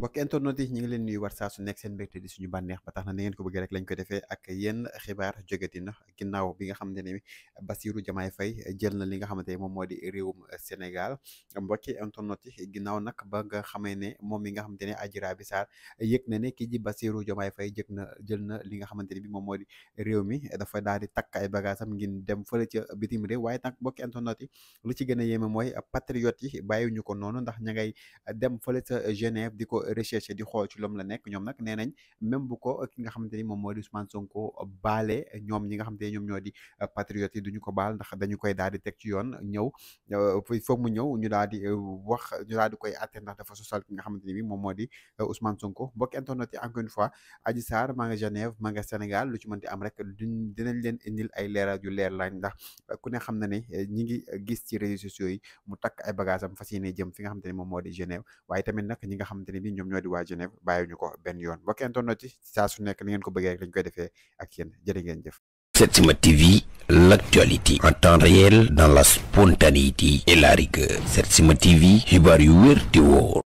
mbokk internet yi ñu ngi na na ngeen ko bëgg rek lañ ko defee ak na ginnaaw bi nga xamante ne ne moom moo di réewum Sénégal mbokki internet yi ginnaaw nag ba nga xamee ne moom mi nga xamante ne Adji Raby Sarr yëg na ne kii ji Bassirou Diomaye Faye jëg na jël na li nga xamante ne bi moom moo di réew mi dafa daal di takk ay bagage am ngir dem fële ca bitim réew waaye nag mbokki internet yi lu ci gën a yéeme mooy patriote yi ñu ko noonu ndax ña ngay dem fële ca Genève di ko recherche di xool loom la nekk ñoom nag nee nañ même ko ki nga xamante ni moom moo di Ousmane Sonko baale ñoom ñi ñoo di euh, patriotes yi duñu ko baal ndax dañu koy daal di teg ci yoon ñëw euh, foog mu ñëw ñu daal di euh, wax ñu daal koy atte ndax dafa sosal ki nga xamante ni bi moom moo di Ousmane Sonko mbokk internet yi encore une fois Adji Sarr maa nga Genève maa nga Sénégal lu ci mënti am rek duñ dinañ leen indil ay leeral yu leer lañ ndax ku ne xam na ne ñi ngi gis ci réseaux sociaux yi mu tak ay bagage am fas yéene jëm fi nga xamante moom moo di ñoom ñoo di waa Genève bàyyiwuñu ko benn yoon mbokk internet yi saa su nekk ni ngeen rek lañ koy defee ak yéen jërë ngeen jëf. Setsima TV, l'actualité en temps réel dans la spontanéité et la rigueur. Setsima TV, xibaar yu